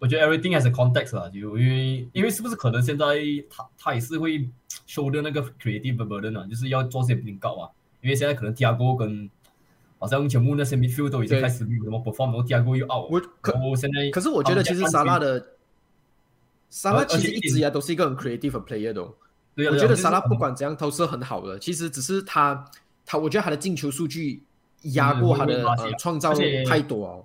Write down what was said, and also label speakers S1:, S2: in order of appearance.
S1: 我覺得 everything has a context 啦，就因為因為是不是可能現在他他也是會 shoulder 那個 creative burden 啊，就是要做些 link up 啊，因為現在可能 Thiago 跟好像全部那些 midfield 都已經開始有什麼 perform，然後 Thiago 又 out，我可現在可是我覺得其實沙拉的、嗯、沙拉其實一直嚟、啊、都是一個很 creative
S2: 嘅 player 咯、哦，對啊，我覺得沙拉不管怎樣都是，都是很好的，其實只是他他，我覺得他的
S1: 進球數據壓過他的、嗯呃、創造且太多
S2: 了。哦。